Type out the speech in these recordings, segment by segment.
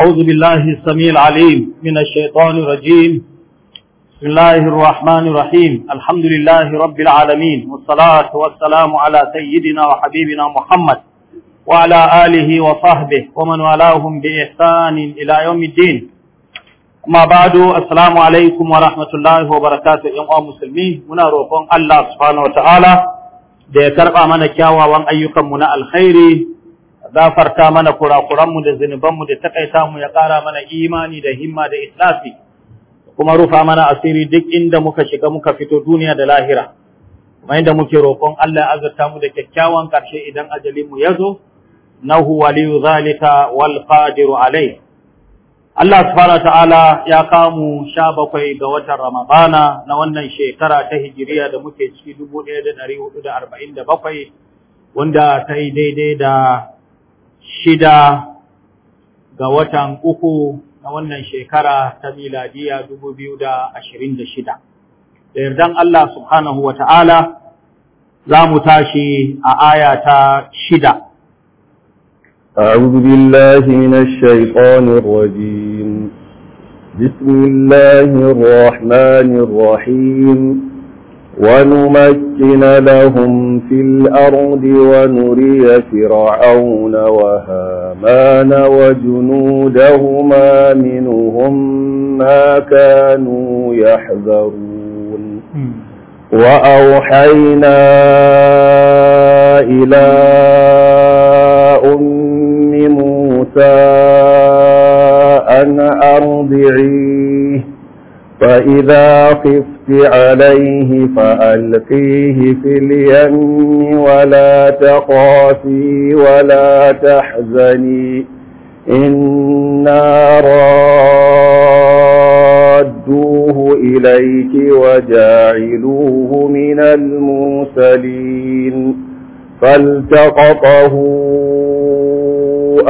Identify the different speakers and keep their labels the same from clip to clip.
Speaker 1: أعوذ بالله السميع العليم من الشيطان الرجيم بسم الله الرحمن الرحيم الحمد لله رب العالمين والصلاة والسلام على سيدنا وحبيبنا محمد وعلى آله وصحبه ومن والاهم بإحسان إلى يوم الدين أما بعد السلام عليكم ورحمة الله وبركاته يا مسلمين منا روكم الله سبحانه وتعالى da ya karɓa mana kyawawan ayyukanmu na alkhairi gafarta mana kurakuranmu da zunubanmu da takaita mu ya ƙara mana imani da himma da islasi kuma rufa mana asiri duk inda muka shiga muka fito duniya da lahira kuma inda muke roƙon Allah ya azurta mu da kyakkyawan ƙarshe idan ajalinmu ya zo nahu waliyu zalika wal qadiru alai Allah subhanahu ta'ala ya kamu sha bakwai ga watan Ramadana na wannan shekara ta hijiriya da muke ciki dubu ɗaya da ɗari hudu da arba'in da bakwai wanda ta yi daidai da shida ga watan uku na wannan shekara ta miladiya dubu biyu da ashirin da shida. Da yardan Allah subhanahu wa ta'ala za mu tashi a aya ta shida.
Speaker 2: أعوذ بالله من الشيطان الرجيم بسم الله الرحمن الرحيم ونمكن لهم في الأرض ونري فرعون وهامان وجنودهما منهم ما كانوا يحذرون وأوحينا إلى أم موسى أن أرضعيه فإذا خفت عليه فألقيه في اليم ولا تخافي ولا تحزني إنا رادوه إليك وجاعلوه من المرسلين فالتقطه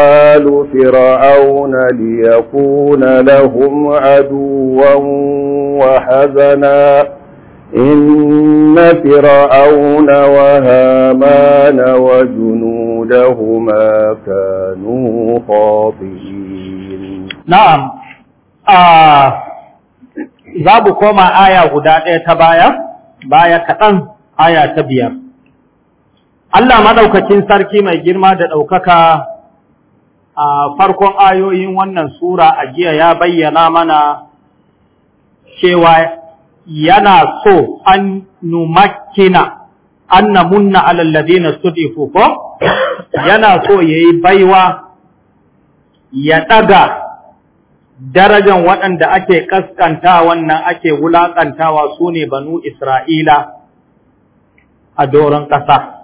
Speaker 2: آل فرعون ليكون لهم عدوا وحزنا إن فرعون وهامان وجنودهما كانوا خاطئين
Speaker 1: نعم آه آية mu تبايا بايا كأن آية تبيا
Speaker 2: Allah madaukakin
Speaker 1: sarki mai girma da ɗaukaka a farkon ayoyin wannan sura a jiya ya bayyana mana cewa yana so an numakina, an alallabi na studi ko yana so ya yi baiwa ya ɗaga darajan waɗanda ake kaskanta wannan ake wulaƙantawa su ne banu Isra'ila a doron ƙasa.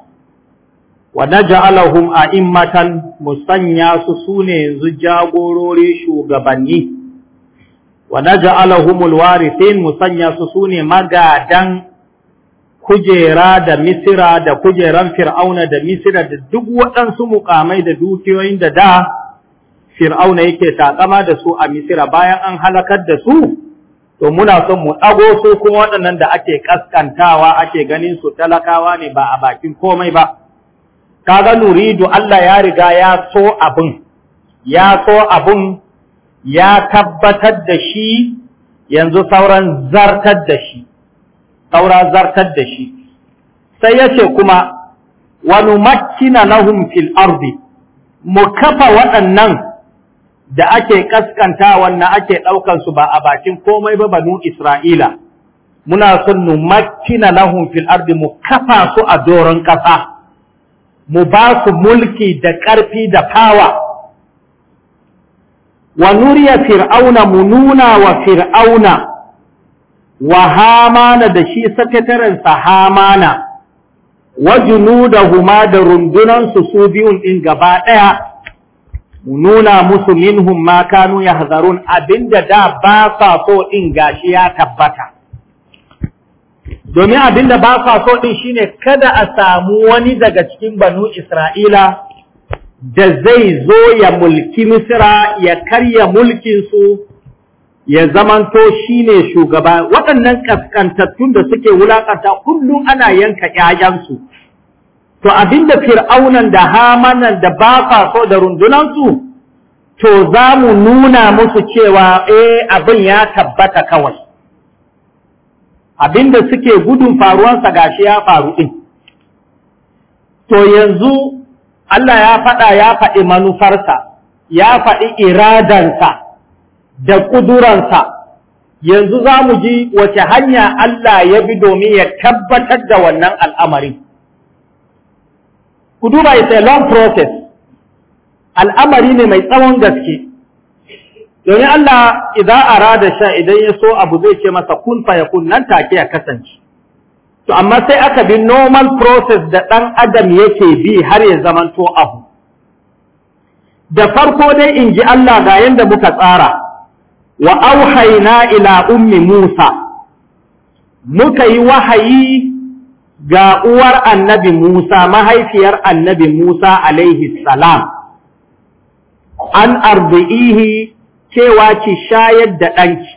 Speaker 1: wa naj'alahum a'immatan musanya su sune yanzu jagorori shugabanni wa naj'alahumul warithin musanya su sune magadan kujera da misira da kujeran fir'auna da misira da duk waɗansu mukamai da dukiyoyin da da fir'auna yake takama da su a misira bayan an halakar da su to muna son mu ɗago su kuma waɗannan da ake kaskantawa ake ganin su talakawa ne ba a bakin komai ba kaga nuridu Allah ya riga ya so abun ya so ya tabbatar da shi yanzu sauran zartar da shi saura zartar da shi sai yace kuma wa numakkina lahum fil ardi mu kafa waɗannan da ake kaskanta wannan ake ɗaukan su ba a bakin komai ba banu Isra'ila muna son numakkina lahum fil ardi mu kafa su a doron ƙasa mu ba ku mulki da ƙarfi da fawa wa nuriya fir'auna mu nuna wa fir'auna wa hamana da shi sakatarensa hamana wa huma da rundunansu su biyun ɗin gaba ɗaya mu nuna musu minhum ma kanu yahzarun abinda da ba sa so ɗin gashi ya tabbata domin abin da ba sa so ɗin shine kada a samu wani daga cikin banu Isra'ila da zai zo ya mulki Misira ya karya mulkinsu ya zamanto shine shugaba waɗannan ƙasƙantattun da suke wulaƙanta kullum ana yanka ‘ya'yansu. To abin da fir'aunan da hamanan da ba sa so da rundunansu, to za mu nuna musu cewa eh abin ya tabbata kawai. abinda suke gudun faruwansa gashi ya faru ɗin. To yanzu Allah ya faɗa ya faɗi manufarsa, ya faɗi iradansa da ƙuduransa, yanzu za mu ji wace hanya Allah ya bi domin ya tabbatar da wannan al'amari. Kuduba is a long process, al'amari ne mai tsawon gaske. domin Allah idan rada sha idan ya so abu zai ce masa kun fa yakun nan take ya kasance to amma sai aka bi normal process da ɗan adam yake bi har ya zamanto abu da farko dai in ji Allah ga yanda muka tsara wa auhaina ila ummi Musa muka yi wahayi ga uwar annabi Musa mahaifiyar annabi Musa alaihi salam an arbi'ihi cewa ki shayar da ɗanki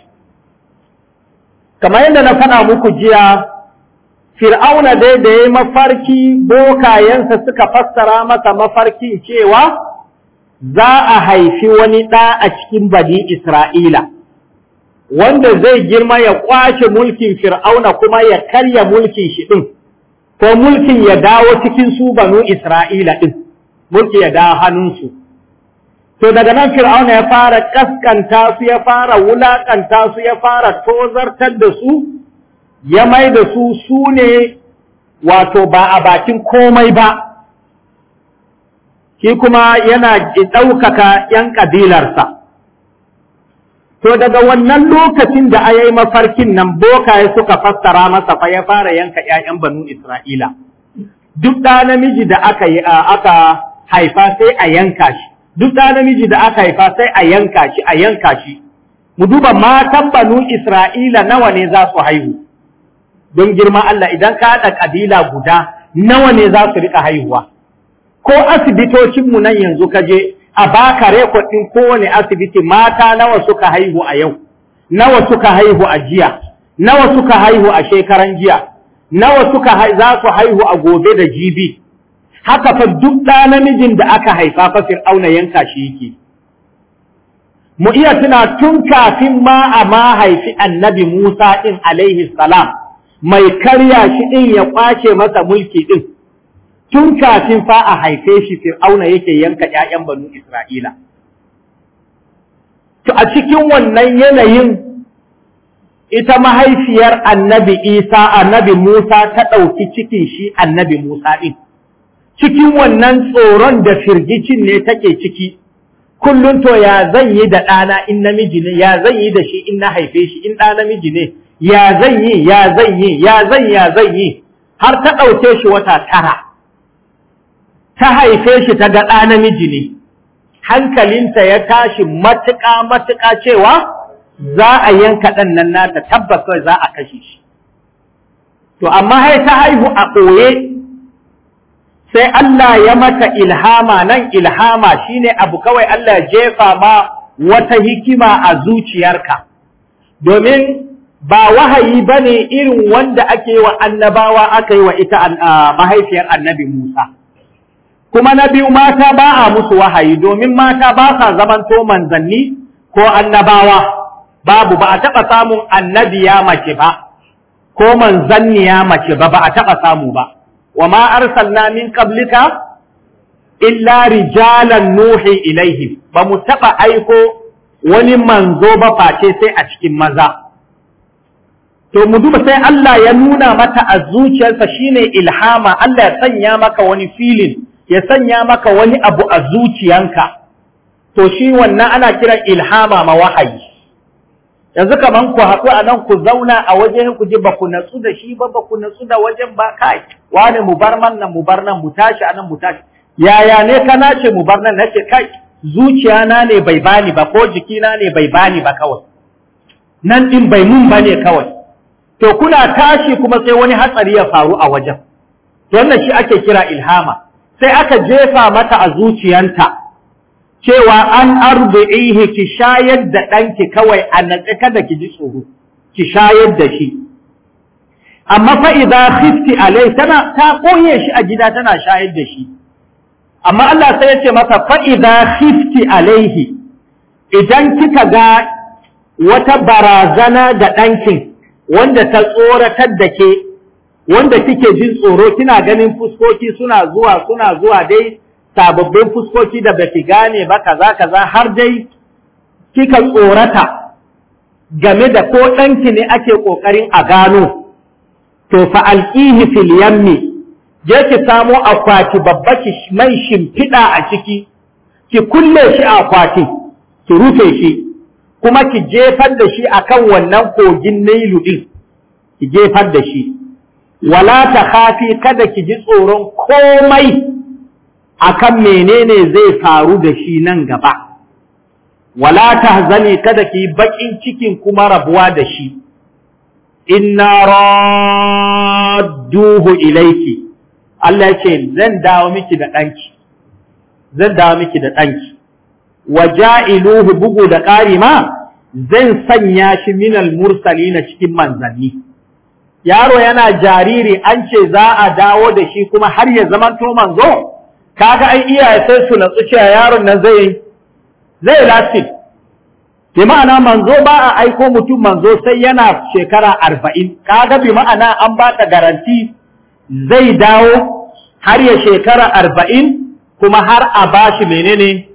Speaker 1: kamar yadda na faɗa muku jiya fir'auna dai da ya mafarki bokayensa suka fassara masa mafarkin cewa za a haifi wani ɗa a cikin bani isra'ila wanda zai girma ya ƙwace mulkin fir'auna kuma ya karya mulkin shi ɗin ko mulkin ya dawo cikin su banu isra'ila ɗin mulki ya dawo hannunsu to daga nan fir'auna ya fara kaskanta su ya fara wulakanta su ya fara tozartar da su ya mai da su su ne wato ba a bakin komai ba shi kuma yana ɗaukaka ‘yan ƙabilarsa to daga wannan lokacin da a yi mafarkin nan bokaye suka fassara masa fa ya fara yanka ‘ya'yan banu Isra'ila duk da namiji da aka haifa sai a yanka shi duk ɗa namiji da aka haifa sai a yanka shi a yanka shi mu duba matan banu isra'ila nawa ne za su haihu don girma Allah idan ka haɗa ƙabila guda nawa ne za su riƙa haihuwa ko asibitocinmu nan yanzu ka je a baka rekod ɗin kowane asibiti mata nawa suka haihu a yau nawa suka haihu a jiya nawa suka haihu a shekaran jiya nawa suka za su haihu a gobe da jibi haka fa duk ɗa namijin da aka haifa fa fir'auna yanka shi yake mu iya tuna tun kafin ma a ma haifi annabi Musa ɗin alaihi salam mai karya shi ɗin ya kwace masa mulki ɗin tun kafin fa a haife shi fir'auna yake yanka ƴaƴan banu Isra'ila. To a cikin wannan yanayin ita mahaifiyar annabi Isa annabi Musa ta ɗauki cikin shi annabi Musa ɗin. cikin wannan tsoron da firgicin ne take ciki kullum to ya zan yi da ɗana in namiji ne ya zan yi da shi in na haife shi in ɗa namiji ne ya zan yi ya zan yi ya zan ya zan yi har ta ɗauke shi wata tara ta haife shi ta ga ɗa namiji ne hankalinta ya tashi matuƙa matuƙa cewa za a yanka ɗan nan nata tabbas za a kashe shi to amma hai ta haihu a ɓoye sai Allah ya mata ilhama nan ilhama shine abu kawai Allah ya jefa ma wata hikima a zuciyarka domin ba wahayi bane irin wanda ake wa annabawa aka yi wa ita mahaifiyar annabi Musa kuma na biyu mata ba a musu wahayi domin mata ba sa zamanto manzanni ko annabawa babu ba a taɓa samun annabiya mace ba ko manzanniya mace ba ba a taɓa samu ba wa ma arsalna min qablika illa rijalan nuhi ilaihim ba mu aiko wani manzo ba face sai a cikin maza to mu duba sai Allah ya nuna mata a zuciyarsa shine ilhama Allah ya sanya maka wani filin ya sanya maka wani abu a zuciyanka to shi wannan ana kiran ilhama ma wahayi yanzu kaman ku haɗu a nan ku zauna a wajen ku ji ba ku natsu da shi ba ba ku natsu da wajen ba kai wani mu bar man nan mu bar nan mu tashi a nan mu tashi yaya ne ka nace mu bar nan nace kai zuciya na ne bai bani ba ko jiki na ne bai bani ba kawai nan din bai mun bane kawai to kuna tashi kuma sai wani hatsari ya faru a wajen to wannan shi ake kira ilhama sai aka jefa mata a zuciyanta cewa an arbi'ihi ki shayar da ɗanki kawai a natsi kada ki ji tsoro ki shayar da shi amma fa idza khifti alai tana ta koye shi a gida tana shayar da shi amma Allah sai ya ce masa fa idza khifti alaihi idan kika ga wata barazana da ɗankin wanda ta tsoratar da ke wanda kike jin tsoro kina ganin fuskoki suna zuwa suna zuwa dai sababbin fuskoki da baki gane ba kaza kaza har dai kika tsorata game da ko ɗanki ne ake ƙoƙarin a gano to fa alqihi fil yammi je ki samo akwati babba ki mai shimfiɗa a ciki ki kulle shi akwati ki rufe shi kuma ki jefar da shi akan wannan kogin Nilu din ki jefar da shi wala ta khafi kada ki ji tsoron komai akan menene zai faru da shi nan gaba wala tahzani kada ki bakin cikin kuma rabuwa da shi inna radduhu ilayki Allah ce zan dawo miki da danki zan dawo miki da danki waja'iluhu bugu da ƙari ma zan sanya shi minal mursali na cikin manzanni yaro yana jariri an ce za a dawo da shi kuma har ya zama to manzo kaga ai iyaye sai su natsu cewa yaron nan zai zai lafi bi ma'ana manzo ba a aiko mutum manzo sai yana shekara arba'in kaga bi ma'ana an ba ta garanti zai dawo har ya shekara arba'in kuma har a bashi menene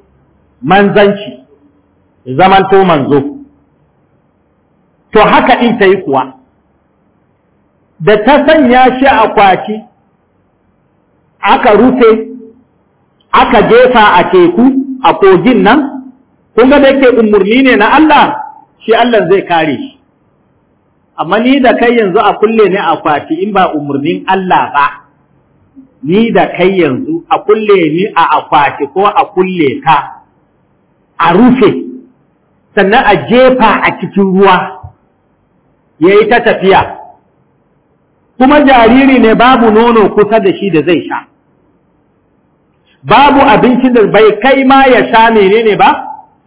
Speaker 1: manzanci zamanto manzo to haka in ta yi kuwa da ta sanya shi a kwaki aka rufe aka jefa a teku a kogin nan kun ga da yake umarni ne na Allah shi Allah zai kare shi amma ni da kai yanzu a kulle ne a kwati in ba umarnin Allah ba ni da kai yanzu a kulle ni a akwati ko a kulle ka a rufe sannan a jefa a cikin ruwa ya yi ta tafiya kuma jariri ne babu nono kusa da shi da zai sha babu abincin da bai kai ma ya sha menene ba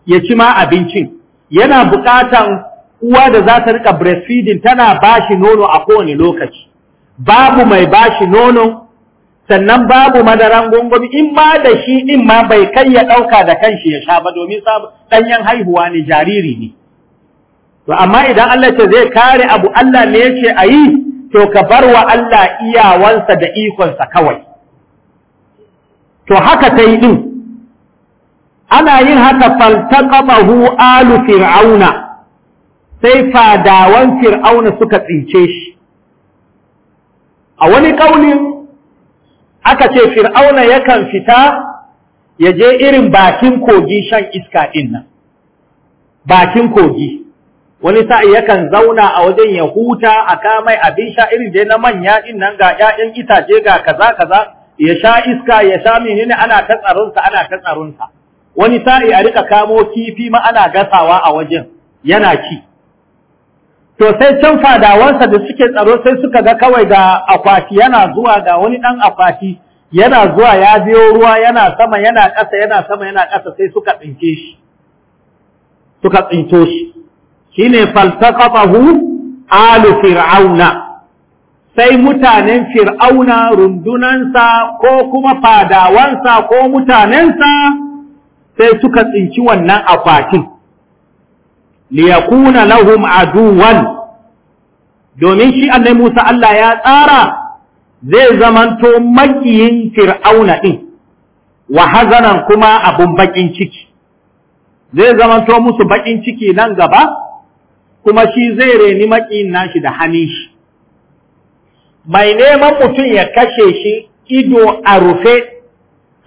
Speaker 1: ya ci ma abincin yana buƙatan uwa da za ta rika breastfeeding tana bashi nono a kowane lokaci babu mai bashi nono sannan babu madaran gungumi in ma da shi in ma bai kai ya ɗauka da kanshi ya sha ba domin ɗanyen haihuwa ne jariri ne to amma idan Allah ce zai kare abu Allah ne ya ce a yi to ka bar wa Allah iyawansa da ikonsa kawai to haka ta yi ɗin ana yin haka faltaƙaɓahu alu fir'auna sai fadawan fir'auna suka tsince shi a wani ƙaunin aka ce fir'auna yakan fita ya je irin bakin kogi shan iska ɗin nan bakin kogi wani sa'i yakan zauna a wajen ya huta a kamai abin sha irin dai na manya ɗin nan ga ‘ya'yan itace ga kaza kaza ya sha iska ya sha menene ana ta tsaronsa ana ta tsaronsa wani sa'i a rika kamo kifi ma ana gasawa a wajen yana ci to sai can fadawansa da suke tsaro sai suka ga kawai ga akwati yana zuwa ga wani dan akwati yana zuwa ya biyo ruwa yana sama yana ƙasa yana sama yana ƙasa sai suka tsinke shi suka tsinto shi shine falsaqafahu alu fir'auna sai mutanen fir'auna rundunansa ko kuma fadawansa ko mutanensa sai suka tsinci wannan akwatin liyakuna lahum aduwan domin shi annai Musa Allah ya tsara zai zamanto makiyin fir'auna din wa hazanan kuma abun bakin ciki zai zamanto musu baƙin ciki nan gaba kuma shi zai reni makiyin nashi da hannun shi mai neman mutum ya kashe shi ido a rufe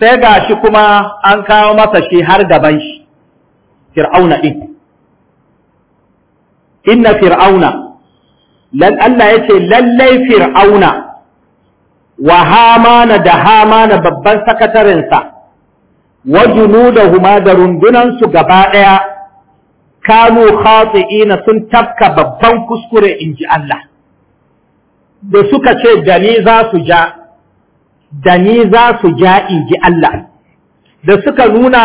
Speaker 1: sai ga shi kuma an kawo masa shi har gaban shi fir'auna ɗin inna fir'auna Allah ya ce lallai fir'auna wa hamana da hamana babban sakatarinsa wa junudahuma da rundunansu gaba ɗaya kanu khati'ina sun tafka babban kuskure in ji Allah da suka ce da ni za su ja da za su ja in ji Allah da suka nuna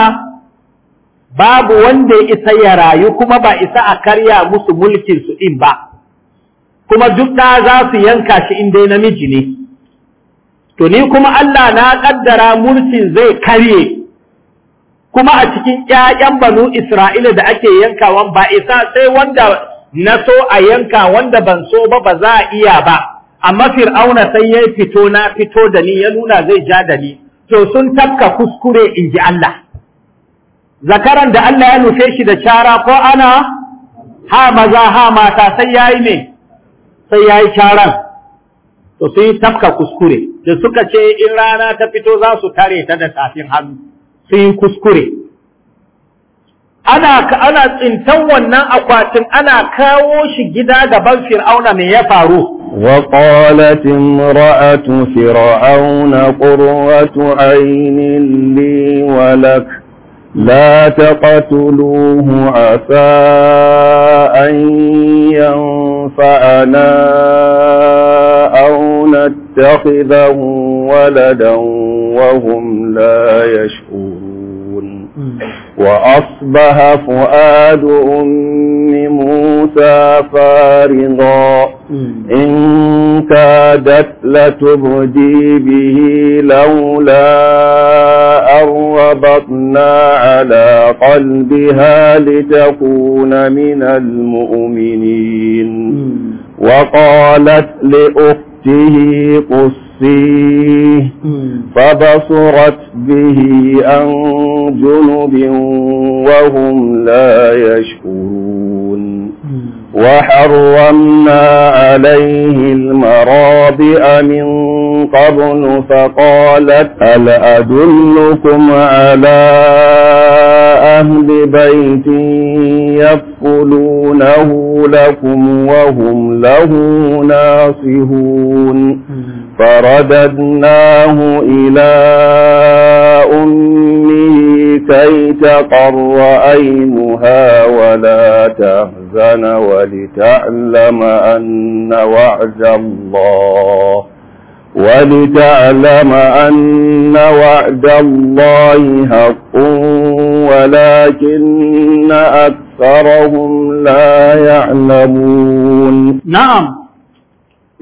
Speaker 1: babu wanda ya isa ya rayu kuma ba isa a karya musu mulkin su din ba kuma duk da za su yanka shi inda namiji ne to ni kuma Allah na kaddara mulkin zai karye kuma a cikin ƴaƴan banu Isra'ila da ake yankawa ba isa sai wanda na so a yanka wanda ban so ba ba za a iya ba amma fir'auna sai ya fito na fito da ni ya nuna zai ja da ni to sun tafka kuskure in ji Allah zakaran da Allah ya nufe shi da cara ko ana ha maza ha mata sai yayi me sai yayi cara to sun tafka kuskure da suka ce in rana ta fito za su tare ta da safin hannu sun kuskure ana ana tsintan wannan akwatin ana kawo shi gida gaban fir'auna me ya faru
Speaker 2: وقالت امرأة فرعون قرة عين لي ولك لا تقتلوه عسى أن ينفعنا أو نتخذه ولدا وهم لا يشكرون وأصبح فؤاد أم موسى فارغا إن كادت لتبدي به لولا أربطنا على قلبها لتكون من المؤمنين وقالت لأخته قصيه فبصرت به عن جنب وهم لا يشكرون وحرمنا عليه المرابع من قبل فقالت هل أدلكم على أهل بيت يفقلونه لكم وهم له ناصحون فرددناه إلى أمه كي تقر أيمها ولا تهزن ولتعلم أن وعد الله ولتعلم أن وعد الله حق ولكن
Speaker 1: أكثرهم لا يعلمون نعم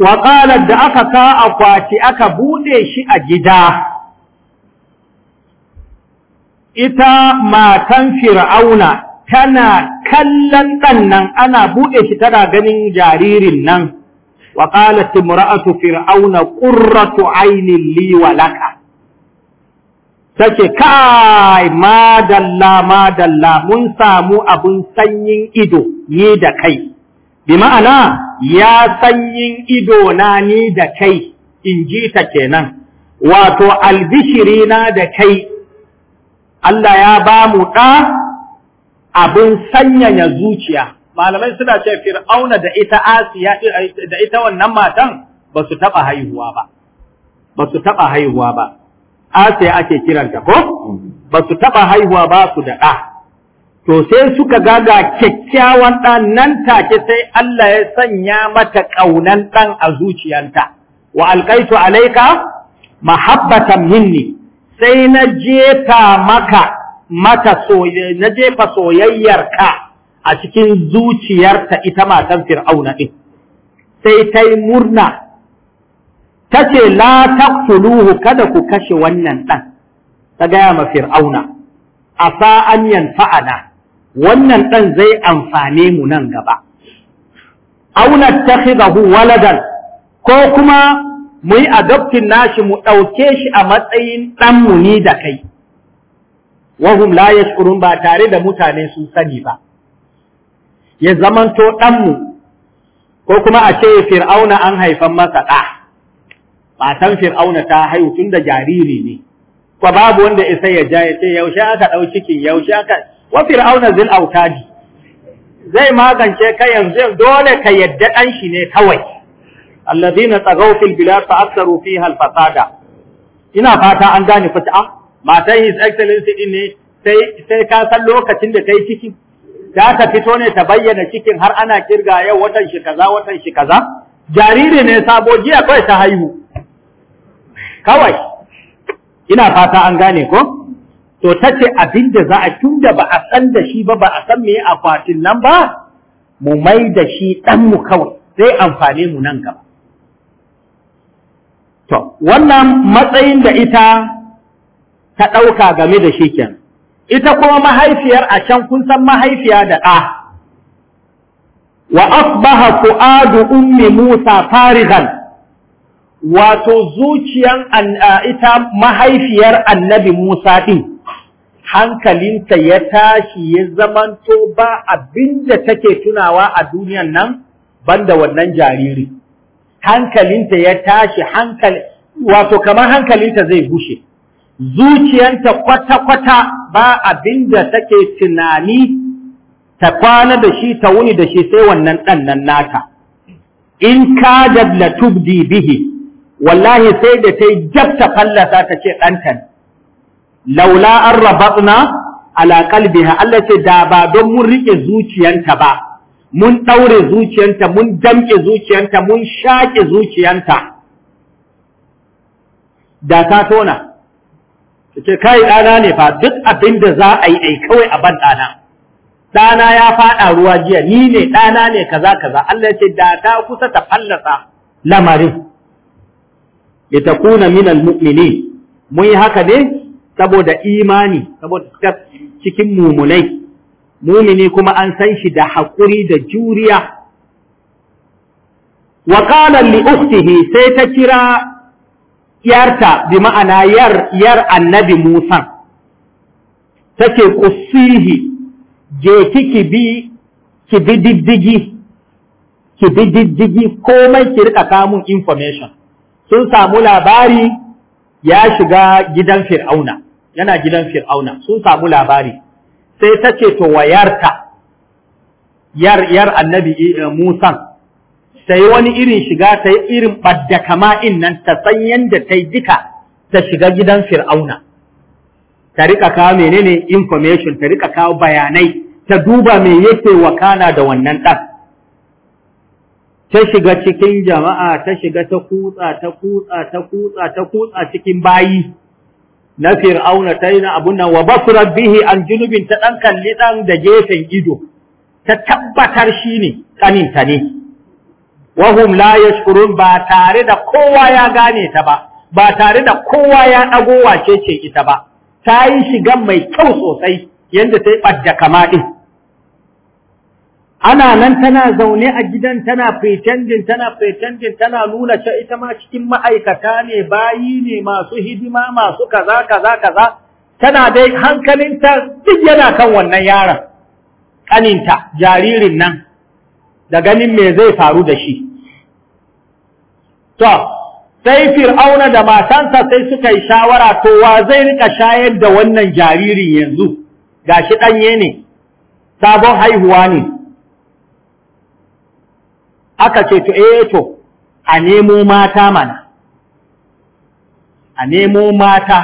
Speaker 1: waƙalar da aka sa akwati aka buɗe shi a gida ita matan fir'auna tana kallon ɗan nan ana buɗe shi tana ganin jaririn nan waƙalar timura'atu fir'auna ƙurratu ainihin liwalaka take kai madalla madalla mun samu abin sanyin ido ni da kai bi ma'ana ya sanyin ido na ni da kai in ji ta kenan wato albishiri na da kai Allah ya ba mu ɗa abin sanyaya zuciya malamai suna ce fir'auna da ita asiya da ita wannan matan ba su taɓa haihuwa ba ba su taɓa haihuwa ba asiya ake kiranta ko mm-hmm. ba su taɓa haihuwa ba su da ɗa to sai suka ga kyakkyawan ɗan nan take sai Allah ya sanya mata ƙaunan ɗan a zuciyanta wa alƙaitu alaika mahabbatan minni sai na jefa maka mata na jefa soyayyarka a cikin zuciyarta ita matan fir'auna ɗin sai ta yi murna ta ce la taqtuluhu kada ku kashe wannan ɗan ta gaya ma fir'auna asa an yanfa'ana wannan ɗan zai amfane mu nan gaba auna ta takhidahu waladan ko kuma mu yi adoptin nashi mu ɗauke shi a matsayin ɗanmu ni da kai wahum la yashkurun ba tare da mutane sun sani ba ya zamanto ɗanmu ko kuma a ce fir'auna an haifan masa ɗa Ba san fir'auna ta haihu tun da jariri ne ko babu wanda isa ya ja ya ce yaushe aka ɗau cikin yaushe aka wa fir'auna zil autadi zai magance ka yanzu dole ka yadda dan shi ne kawai alladhina tagaw fil bilad fa aktharu fiha al fasada ina fata an gane fata matan his excellency din ne sai sai ka san lokacin da kai ciki da ta fito ne ta bayyana cikin har ana kirga yau watan shi kaza watan shi kaza jariri ne sabo jiya kai ta haihu kawai ina fata an gane ko to ta ce abin da za a tun da ba a san da shi ba ba a san me akwatin nan ba mu mai da shi dan mu kawai sai amfane mu nan gaba to wannan matsayin da ita ta ɗauka game da shi kenan ita kuma mahaifiyar a can kun san mahaifiya da ɗa wa asbaha fu'adu ummi musa farigan wato zuciyan ita mahaifiyar annabi Musa din. hankalinta ya tashi ya zamanto ba abinda take tunawa a duniyan nan banda wannan jariri hankalinta ya tashi hankali wato kamar hankalinta zai bushe. zuciyanta kwata-kwata ba abinda take tunani ta kwana da shi ta wuni da shi sai wannan ɗannan nata in ka la tubdi bihi wallahi sai da ta yi jab fallasa ta ce ɗantan laula an rabatna ala qalbiha Allah ce da ba don mun rike zuciyanta ba mun daure zuciyanta mun damƙe zuciyanta mun shaƙe zuciyanta da ta tona ce kai ɗana ne fa duk abin da za a yi ai kawai a ban ɗana. Ɗana ya faɗa ruwa jiya ni ne ɗana ne kaza kaza Allah ce da ta kusa ta fallasa lamarin litakuna minal mu'minin mun yi haka ne saboda imani saboda cikin mumunai mumini kuma an san shi da haƙuri da juriya wa qala li sai ta kira yarta bi ma'ana yar yar annabi Musa take qussihi je kiki bi ki bi diddigi ki bi diddigi komai ki riƙa samun information sun samu labari ya shiga gidan fir'auna yana gidan fir'auna sun samu labari sai ta ce to wayarta yar yar annabi eh, Musa sai wani irin shiga ta irin badda in nan ta san yadda ta yi duka ta shiga gidan fir'auna ta rika kawo menene information ta rika kawo bayanai ta duba me yake wakana da wannan ɗan ta shiga cikin jama'a ta shiga ta kutsa ta kutsa ta kutsa ta kutsa cikin bayi na fir'auna ta yi na abun nan wa basurar bihi an junubin ta ɗan kalli ɗan da gefen ido ta tabbatar shi ne ƙaninta ne wahum la yashkurun ba tare da kowa ya gane ta ba ba tare da kowa ya ɗago wace ce ita ba ta yi shigan mai kyau sosai yadda ta yi ɓadda kama ɗin ana nan tana zaune a gidan tana pretending tana pretending tana nuna cewa ita ma cikin ma'aikata ne bayi ne masu hidima masu kaza kaza kaza tana dai hankalinta duk yana kan wannan yaron kaninta jaririn nan da ganin me zai faru da shi to sai fir'auna da matansa sai suka yi shawara to wa zai rika shayar da wannan jaririn yanzu gashi danye ne sabon haihuwa ne aka ce to eh to a nemo mata mana a nemo mata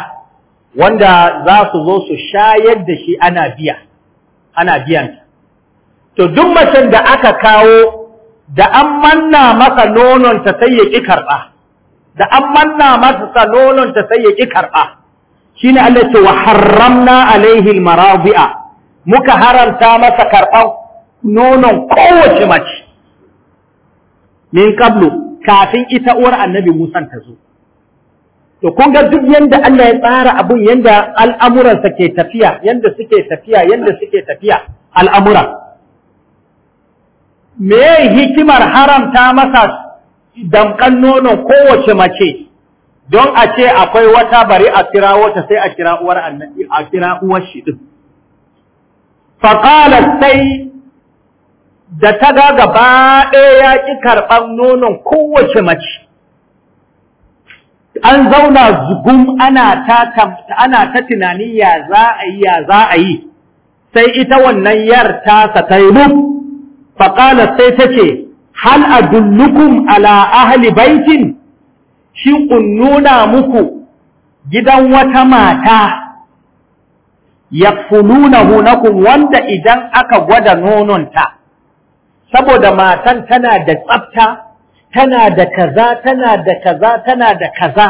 Speaker 1: wanda za su zo su shayar da shi ana biya ana to duk macen da aka kawo da an manna masa nonon ta sai ya ƙi karɓa, da an manna masa nonon ta sai ya ki shine Allah ce wa harramna alaihi marabi'a muka haramta masa karban nonon kowace mace min qablu kafin ita uwar annabi Musa ta zo to kun ga duk yanda Allah ya tsara abun yanda al'amuransa ke tafiya yanda suke tafiya yanda suke tafiya al'amura me hikimar haramta masa damkan nono kowace mace don a ce akwai wata bari a kira wata sai a kira uwar annabi a kira uwar shi din faqala sai da ta ga gaba ɗaya ya ƙi karɓar nonon kowace mace. An zauna zugum ana ta tunani ya za a yi ya za a yi, sai ita wannan yar ta yi faƙala sai ta ce, Hal dullukun ala ahali baitin, shi in nuna muku gidan wata mata ya fulunahu nakum wanda idan aka gwada nononta. saboda matan tana da tsafta tana da kaza tana da kaza tana da kaza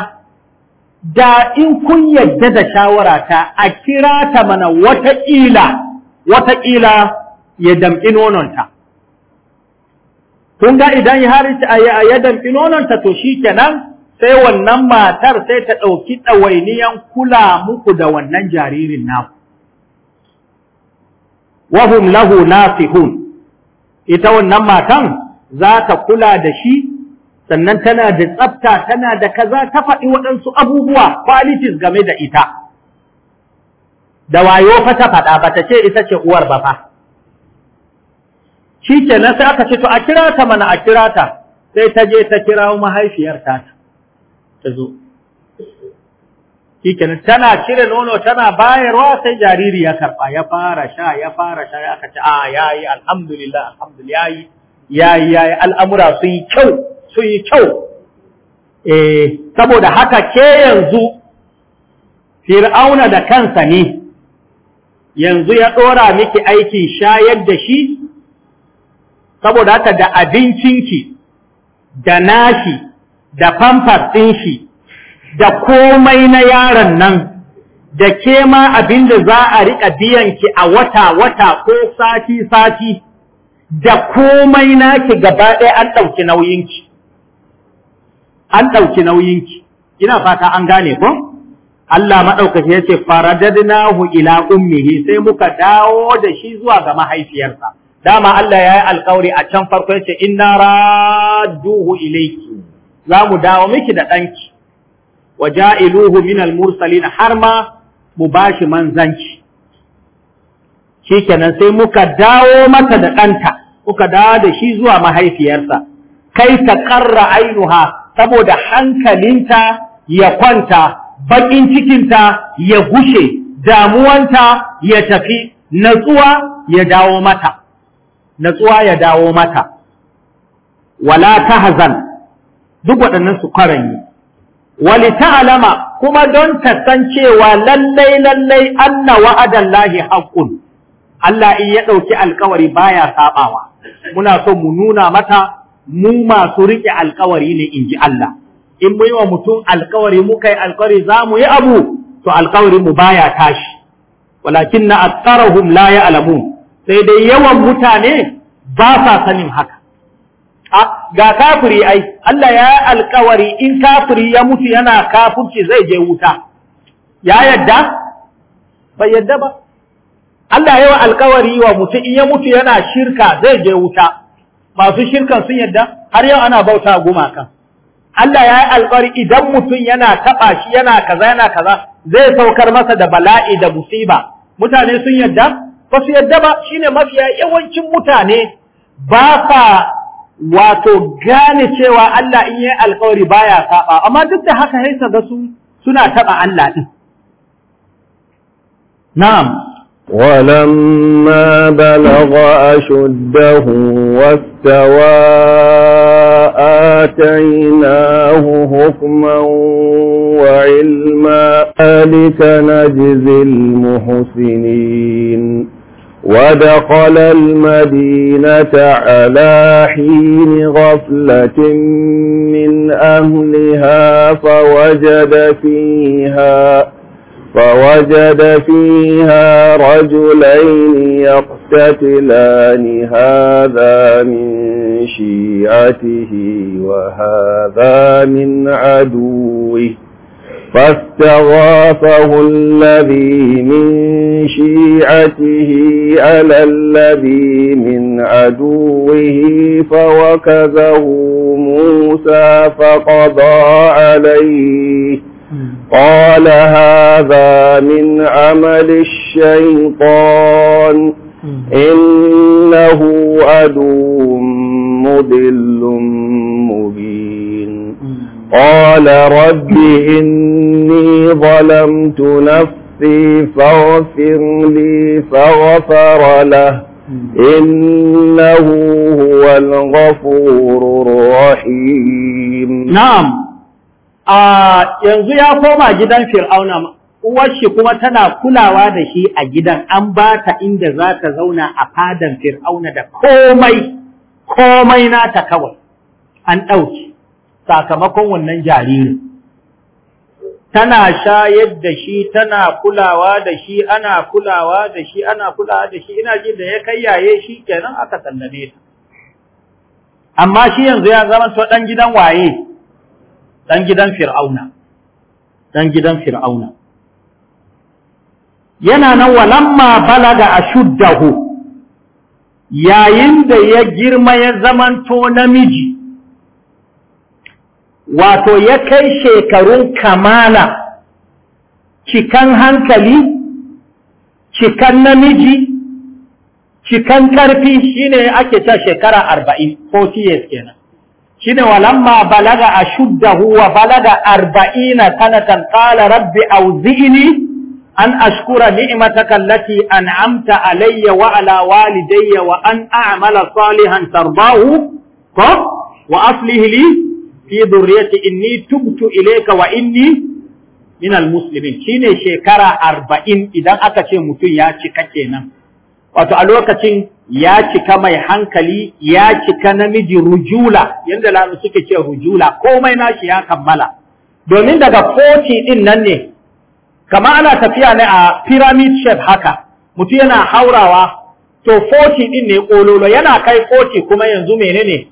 Speaker 1: da in kun yadda da shawara ta a kira ta mana wataƙila wataƙila ya damƙi nononta kun ga idan ya a ya damƙi nononta to shi kenan sai wannan matar sai ta ɗauki ɗawainiyan kula muku da wannan jaririn naku wahum lahu nasihun ita wannan matan za ta kula da shi sannan tana da tsafta tana da kaza ta faɗi waɗansu abubuwa qualities game da ita da wayo fa ta faɗa ba ta ce ita ce uwar ba fa shi ke nan sai aka ce to a kira ta mana a kira ta sai ta je ta kira mahaifiyarta ta ta zo shikenan tana cire nono tana bayarwa sai jariri ya karba ya fara sha ya fara sha ya kace a ah, yayi alhamdulillah alhamdulillah yayi yayi al'amura sun yi kyau sun yi kyau eh saboda haka ke yanzu fir'auna da kansa ne yanzu ya dora miki aikin shayar da shi saboda haka da abincinki da nashi da pampers ɗin shi da komai na yaron nan da ke ma abin da za a riƙa biyan ki a wata-wata ko sati-sati da komai naki gaba ɗaya an ɗauki nauyinki an ɗauki nauyinki ina fata an gane ko Allah maɗaukaci yace ce faradadnahu ila ummihi sai muka dawo da shi zuwa ga mahaifiyarsa dama Allah ya yi alkawari a can farko ya ce inna raduhu ilayki za mu dawo miki da ɗanki wa ja'iluhu min al-mursalin har ma mu shi manzanci shikenan sai muka dawo mata da ɗanta muka dawo da shi zuwa mahaifiyarsa kai ta karra ainuha saboda hankalinta ya kwanta bakin cikinta ya gushe damuwanta ya tafi natsuwa ya dawo mata natsuwa ya dawo mata wala tahzan duk waɗannan su kwaranyi wali alama kuma don ta san cewa lallai lallai anna wa'adallahi haqqun Allah in ya ɗauki alkawari baya saɓawa. muna so mu nuna mata mu masu riƙe alkawari ne in ji Allah in mu yi wa mutum alkawari muka yi alkawari za mu yi abu to alkawarin mu baya tashi walakin na aksarahum la alamu. sai dai yawan mutane ba sa sanin haka ga kafiri ai Allah ya alkawari in kafiri ya mutu yana kafirci zai je wuta
Speaker 2: ya yadda
Speaker 1: bai yadda ba Allah yawa alkawari wa mutum in ya mutu yana shirka zai je wuta masu shirkan sun yadda har yau ana bauta gumaka Allah ya yi alkawari idan mutum yana taɓa shi yana kaza yana kaza zai saukar masa da bala'i da musiba mutane sun yadda ba su yadda ba shine mafiya yawancin mutane ba sa wato gane cewa Allah in yi alkawari baya saba amma duk da haka haisa ga su suna taba Allah din
Speaker 2: na'am ولما بلغ أشده واستوى آتيناه حكما وعلما ذلك نجزي المحسنين ودخل المدينة على حين غفلة من أهلها فوجد فيها فوجد فيها رجلين يقتتلان هذا من شيعته وهذا من عدوه فاستغاثه الذي من شيعته على الذي من عدوه فوكزه موسى فقضى عليه قال هذا من عمل الشيطان إنه عدو مضل قال رب إني ظلمت نفسي فاغفر لي فغفر له إنه هو الغفور الرحيم
Speaker 1: نعم yanzu ya koma gidan fir'auna uwarshi kuma tana kulawa da shi a gidan an ba ta inda za ta zauna a fadan fir'auna da komai komai na ta kawai an ɗauki sakamakon wannan jaririn tana shayar da shi tana kulawa da shi ana kulawa da shi ana kulawa da shi ina jin da ya kayyaye shi kenan aka sallame ta amma shi yanzu ya zama to dan gidan waye dan gidan fir'auna dan gidan fir'auna yana nan walamma balaga ashuddahu yayin da ya girma ya to namiji wato ya kai shekarun kamala cikan hankali cikan namiji cikan karfi shine ake ta shekara 40 40 years kenan shine walamma balaga ashuddahu wa balaga 40 sanatan qala rabbi awzini an ashkura ni'mataka allati an'amta alayya wa ala walidayya wa an a'mala salihan tardahu wa aslih li fi dhurriyyati inni tubtu ilayka wa inni minal muslimin shine shekara arba'in idan aka ce mutum ya cika kenan wato a lokacin ya cika mai hankali ya cika namiji rujula yanda lalu suke ce rujula komai nashi ya kammala domin daga 40 din nan ne kama ana tafiya ne a pyramid shape haka mutum yana haurawa to 40 din ne kololo yana kai 40 kuma yanzu menene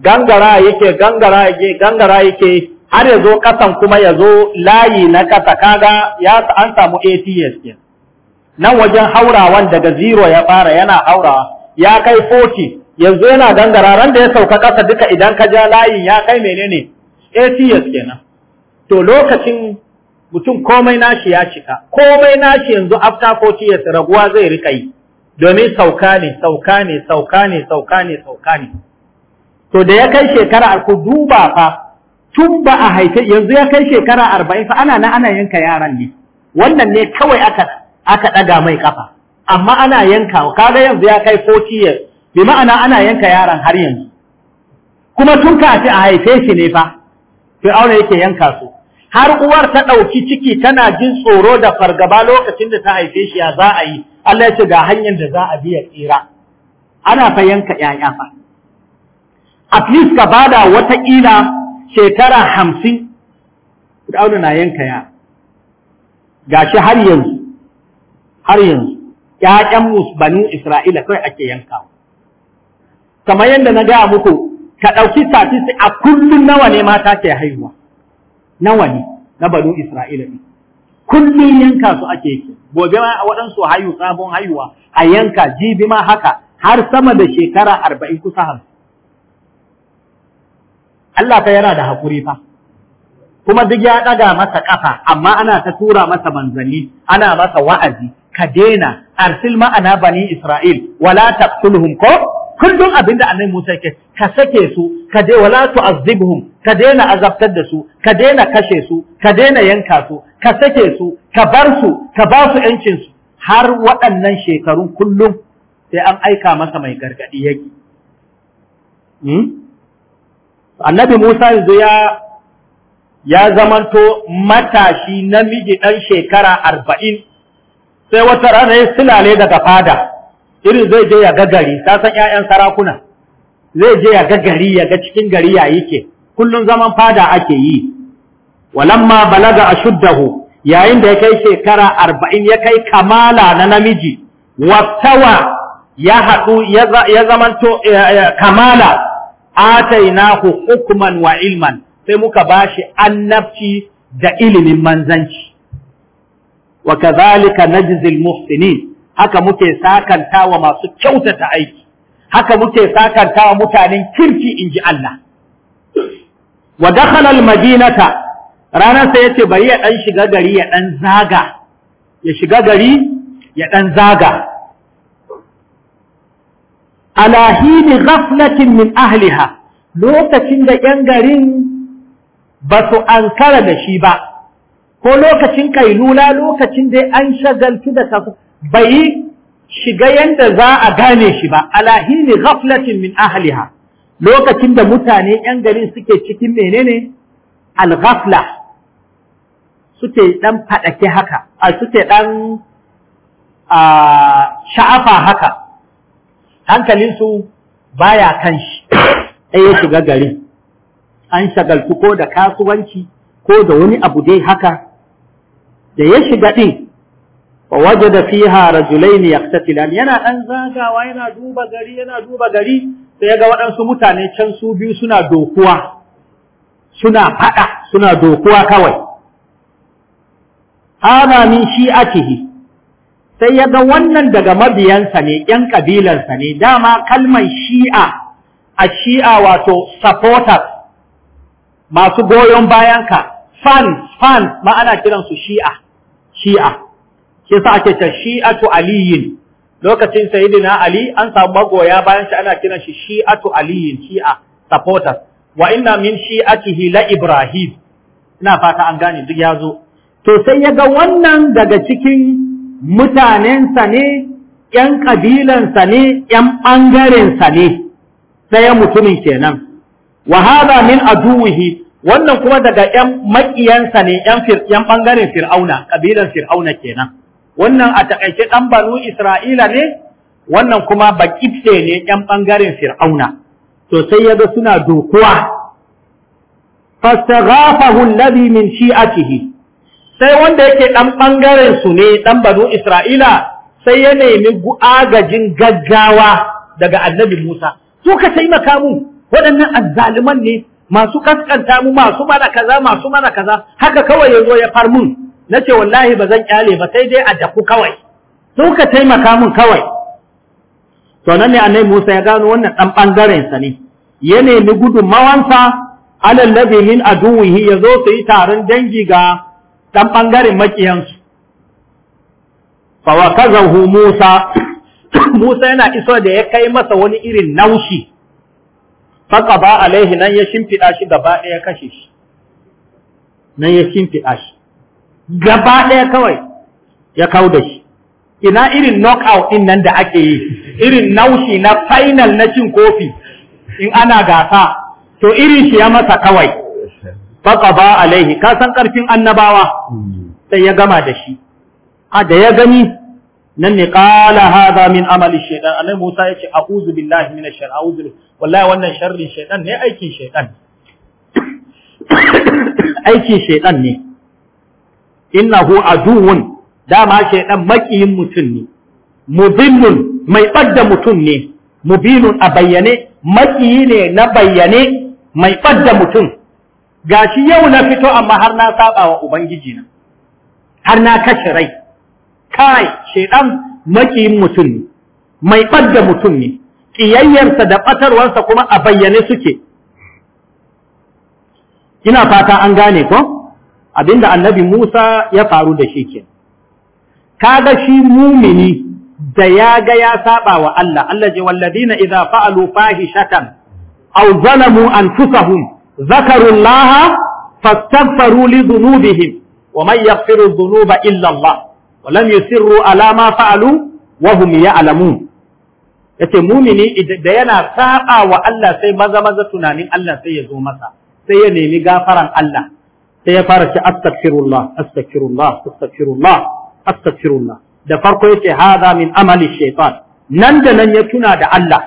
Speaker 1: gangara yake gangara yake gangara yake har ya zo kasan kuma ya zo layi na kasa kaga ya an samu ATS din nan wajen haurawan daga zero ya fara yana haurawa, ya kai 40 yanzu yana gangara ran da ya sauka kasa duka idan ka ja layin ya kai menene ATS kenan to lokacin mutum komai nashi ya cika komai nashi yanzu after 40 years raguwa zai rika yi domin sauka ne sauka ne sauka ne sauka ne sauka ne to da ya kai shekara ku duba fa tun ba a haife yanzu ya kai shekara arba'in fa ana na ana yanka yaran ne wannan ne kawai aka aka ɗaga mai kafa amma ana yanka kaga yanzu ya kai 40 years bi ma'ana ana yanka yaran har yanzu kuma tun kafin a haife shi ne fa To Fir'auna yake yanka su har uwar ta ɗauki ciki tana jin tsoro da fargaba lokacin da ta haife shi ya za a yi Allah ya ce ga hanyar da za a biya tsira ana fa yanka ƴaƴa fa at least ka bada wataƙila shekara hamsin fir'auna na yanka ya gashi har yanzu har yanzu ƴaƴan banu isra'ila kai ake yanka kamar yadda na gaya muku ka ɗauki sai a kullum nawa ne mata ke haihuwa nawa ne na banu isra'ila ne kullum yanka su ake yi gobe ma waɗansu haihu sabon haihuwa a yanka jibi ma haka har sama da shekara arba'in kusa hamsin Allah fa yana da hakuri fa kuma duk ya ɗaga masa kafa amma ana ta tura masa manzanni ana masa wa'azi ka daina arsil ma'ana bani Isra'il wala taqtulhum ko kullum abin da annabi Musa yake ka sake su ka dai wala tu'azzibhum ka daina azabtar da su ka daina kashe su ka daina yanka su ka sake su ka bar su ka ba su yancin su har waɗannan shekarun kullum sai an aika masa mai gargadi yake hmm? annabi Musa yanzu ya ya zamanto matashi namiji ɗan shekara arba'in sai wata rana ya silale daga fada irin zai je ya ga gari ta san 'ya'yan sarakuna zai je ya ga gari ya ga cikin gari ya yake kullum zaman fada ake yi walamma balaga ashuddahu yayin da ya kai shekara arba'in ya kai kamala na namiji Wattawa ya haɗu ya zamanto eh, eh, kamala atainahu hukman wa ilman sai muka bashi annabci da ilimin manzanci wa kadhalika najzil muhsinin haka muke sakantawa masu kyautata aiki haka muke sakantawa mutanen kirki inji Allah wa dakhala al madinata ranar sai yace bari ya dan shiga gari ya dan zaga ya shiga gari ya dan zaga Alahini ghaflatin min ahliha lokacin da ‘yan garin ba su ankara da shi ba, ko lokacin kailula lokacin da an shagaltu da kasu bai yi shiga yadda za a gane shi ba, alahini ghaflatin min ahliha lokacin da mutane ‘yan garin suke cikin menene al suke ɗan fadake haka, suke ɗan sha'afa haka. hankalinsu baya kan shi sai ya shiga gari an shagaltu ko da kasuwanci ko da wani abu dai haka da ya shiga ɗin wa waje da fiha rajulaini yaqtatilan yana ɗan zagawa yana duba gari yana duba gari sai ya ga waɗansu mutane can su biyu suna dokuwa suna faɗa suna dokuwa kawai ana min shi'atihi sai ya ga wannan daga mabiyansa ne ‘yan kabilarsa ne dama kalmar shi'a a shi'a wato supporters masu goyon bayanka fan fans ma'ana kiransu shi'a shi'a shi sa ake ta shi'atu aliyin lokacin sayidina ali an samu magoya bayan shi ana kiran shi shi'atu aliyin shi'a supporters wa ina min shi'atihi la ibrahim ina fata an gane duk ya zo to sai ya ga wannan daga cikin mutanensa ne ‘yan ƙabilansa ne ‘yan ɓangarensa ne sai mutumin kenan wa min aduwihi wannan kuma daga ‘yan maƙiyansa ne ‘yan ɓangaren fir'auna ƙabilan fir'auna kenan wannan a taƙaice ɗan banu isra'ila ne wannan kuma baƙibse ne ‘yan ɓangaren fir'auna to sai ya ga suna dokuwa fastaghafahu alladhi min shi'atihi sai wanda yake ɗan ɓangaren su ne ɗan banu Isra'ila sai ya nemi agajin gaggawa daga annabi Musa. Su ka taimaka mu waɗannan azzaliman ne masu kaskanta mu masu mara kaza masu mara kaza haka kawai ya zo ya far mun na ce wallahi ba zan ƙyale ba sai dai a daku kawai. Su ka taimaka mun kawai. To nan ne annabi Musa ya gano wannan ɗan ɓangaren sa ne. Ya nemi gudunmawansa alallabi min aduwihi ya zo su yi taron dangi ga dan bangaren makiyansu fawakazahu Musa Musa yana iso da ya kai masa wani irin naushi faka ba alaihi nan ya shimfiɗa shi gaba ɗaya kashe shi nan ya shimfiɗa shi gaba ɗaya kawai ya kau da shi ina irin knockout ɗin nan da ake yi irin naushi na final na cin kofi in ana gasa to irin shi ya masa kawai faqaba alaihi ka san karfin annabawa sai ya gama da shi a da ya gani nan ne qala hadha min amali shaytan annabi Musa yace a'udhu billahi minash shar a'udhu wallahi wannan sharrin shaytan ne aikin shaytan aikin shaytan ne innahu aduwwun dama shaytan makiyin mutum ne mudillun mai badda mutum ne mubinun a bayyane makiyi ne na bayyane mai badda mutum Ga shi yau na fito amma har na saba wa ubangiji na har na kashe rai kai shedan makiyin mutum ne mai ɓadda mutum ne ƙiyayyarsa da ɓatarwarsa kuma a bayyane suke ina fata an gane ko abinda annabi Musa ya faru da shi ke kaga shi mumini da ya ga ya saba wa Allah Allah je walladina idza fa'alu fahishatan aw zalamu anfusahum zakarullaha fastaghfaru li dhunubihim wa man yaghfiru dhunuba illa Allah wa lam yusirru ala ma fa'alu wa hum yace mumini da yana saba wa Allah sai maza maza tunanin Allah sai ya zo masa sai ya nemi gafaran Allah sai ya fara ce astaghfirullah astaghfirullah astaghfirullah astaghfirullah da farko yace hadha min amali shaytan nan da nan ya tuna da Allah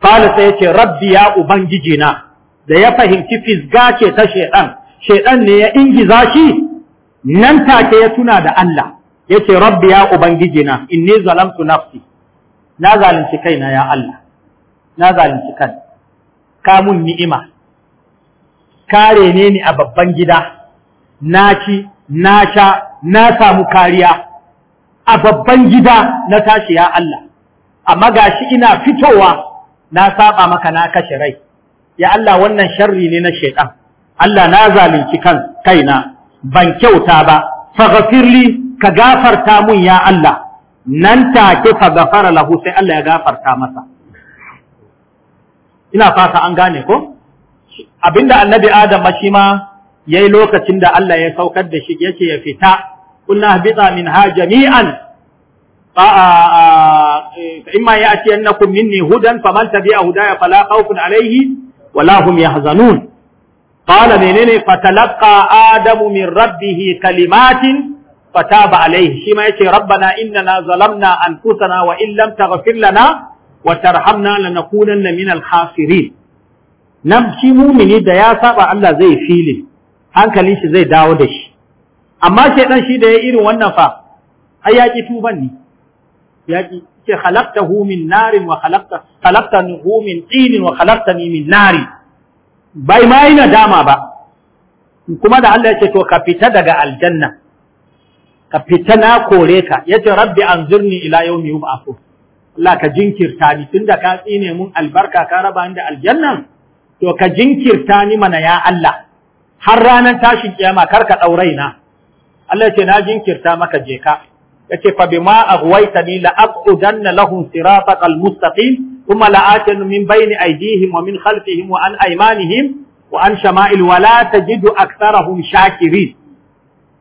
Speaker 1: qala sai yace rabbi ya ubangiji na da ya fahimci fisga ce ta shaidan shaidan ne ya ingiza shi nan take ya tuna da Allah yace rabbi ya ubangiji na inni zalamtu nafsi na zalunci kaina ya Allah na zalunci kan ka mun ni'ima kare ne ni a babban gida na ci na sha na samu kariya a babban gida na tashi ya Allah amma gashi ina fitowa na saba maka na kashe rai ya Allah wannan sharri ne na shaitan Allah na zalunci kan kaina ban kyauta ba faghfirli ka gafarta mun ya Allah nan take fa gafara lahu sai Allah ya gafarta masa ina fata an gane ko abinda annabi adam shi ma yayi lokacin da Allah ya saukar da shi yace ya fita kullu bita minha jami'an فإما يأتينكم مني هدى فمن تبع hudaya fala خوف alaihi. wala hum yahzanun qala menene fatalaqa adamu min rabbihi kalimatin fataba alaihi shi ma yace rabbana innana zalamna anfusana wa in lam taghfir lana wa tarhamna lanakunanna min alhafirin. nan shi mumini da ya saba Allah zai fili hankalin shi zai dawo da shi amma shedan shi da ya irin wannan fa ai yaki tuban ne yaki ce khalaqtahu min narin wa khalaqta khalaqtahu min tinin wa khalaqtani min nari bai ma yi nadama ba kuma da Allah yake to ka fita daga aljanna ka fita na kore ka yace rabbi anzurni ila yawmi yub'athu Allah ka jinkirta ni tunda ka tsine mun albarka ka raba ni da aljanna, to ka jinkirta ni mana ya Allah har ranar tashin kiyama kar ka na. Allah ce na jinkirta maka je ka yace fa bima aghwaytani la aqudanna lahum siratakal mustaqim thumma la atanu min bayni aydihim wa min khalfihim wa an aymanihim wa an shama'il wa la tajidu aktharahum shakirin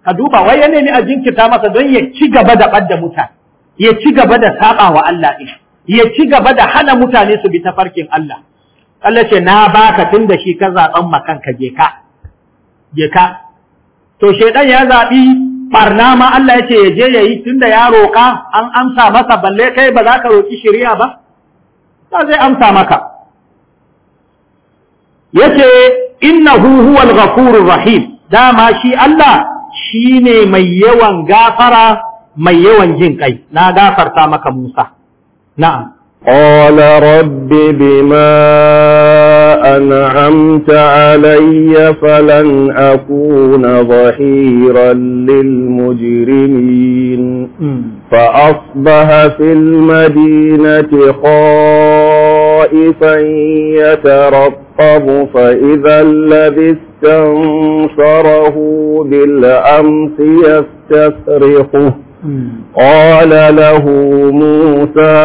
Speaker 1: ka duba wai yana ne a jinkita masa don ya ci gaba da badda mutane ya ci gaba da saba wa Allah din ya ci gaba da hana mutane su bi tafarkin Allah Allah ce na baka tun da shi ka zaben makanka je ka je ka to shedan ya zabi barna ma Allah ya ce ya je ya yi tun da ya roƙa an amsa masa balle kai ba za ka roki shari'a ba, ba zai amsa maka. Ya ce, Inna huhuwal ghafurur rahim, dama shi Allah shi ne mai yawan gafara mai yawan jin kai, na gafarta maka Musa. Na'am.
Speaker 2: Qala rabbi bima أنعمت علي فلن أكون ظهيرا للمجرمين فأصبح في المدينة خائفا يترقب فإذا الذي استنصره بالأمس يستسرقه قال له موسى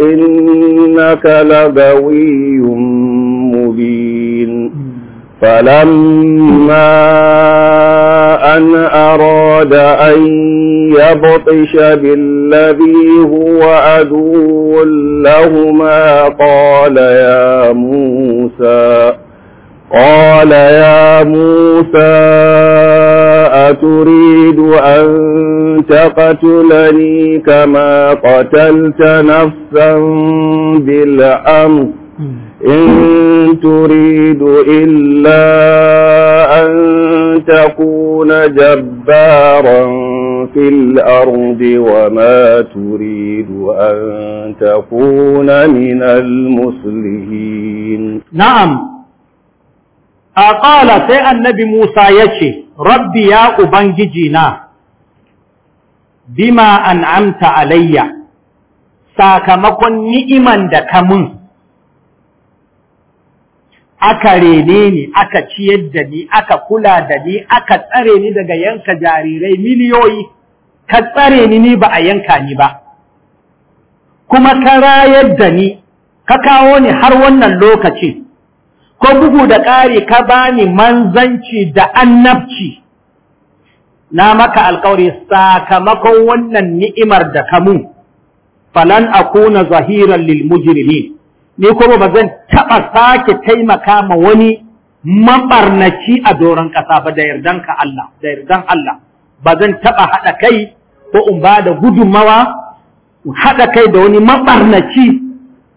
Speaker 2: إنك لبوي مبين فلما أن أراد أن يبطش بالذي هو عدو لهما قال يا موسى قال يا موسى أتريد أن تقتلني كما قتلت نفسا بالأمر إن تريد إلا أن تكون جبارا في الأرض وما تريد أن تكون من المسلمين
Speaker 1: نعم a ƙala sai annabi Musa ya ce, Rabbi ya Ubangiji na, bima amta alayya, sakamakon ni'iman da ka mun, aka rene ni, aka ciyar da ni, aka kula da ni, aka tsare ni daga yanka jarirai miliyoyi, ka tsare ni ni ba a yanka ni ba, kuma ka rayar da ni, ka kawo ni har wannan lokacin. ko bugu da ƙari ka bani manzanci da annabci na maka alƙawari sakamakon wannan ni'imar da kamu falan akuna zahiran lil ni kuma ba zan taɓa sake taimaka ma wani mabarnaci a doron ƙasa ba da yardan Allah da yardan Allah ba zan taɓa haɗa kai ko in ba da gudunmawa haɗa kai da wani mabarnaci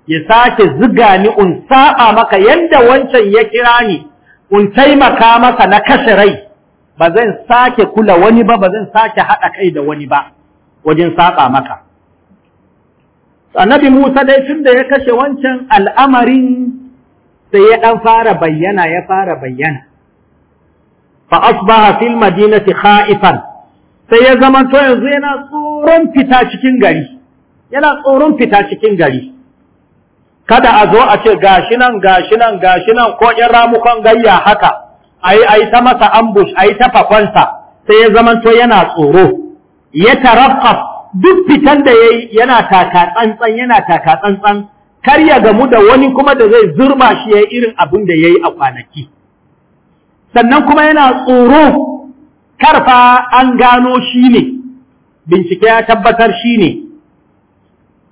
Speaker 1: ya sake ziga ni un saba maka yanda wancan ya kira ni un taimaka maka na kashe rai ba zan sake kula wani ba ba zan sake haɗa kai da wani ba wajen saba maka annabi Musa dai tun da ya kashe wancan al'amarin sai ya ɗan fara bayyana ya fara bayyana fa asbaha fil madinati khaifan sai ya zama to yanzu yana tsoron fita cikin gari yana tsoron fita cikin gari kada a zo a ce gashi nan gashi nan gashi nan ko in ramukan gayya haka ai ai ta masa ambush ai ta fafansa sai ya zamanto yana tsoro ya tarafa duk fitan da yayi yana taka tsantsan yana taka tsantsan kar ya gamu da wani kuma da zai zurma shi yayi irin abin da yayi a kwanaki sannan kuma yana tsoro karfa an gano shi ne bincike ya tabbatar shi ne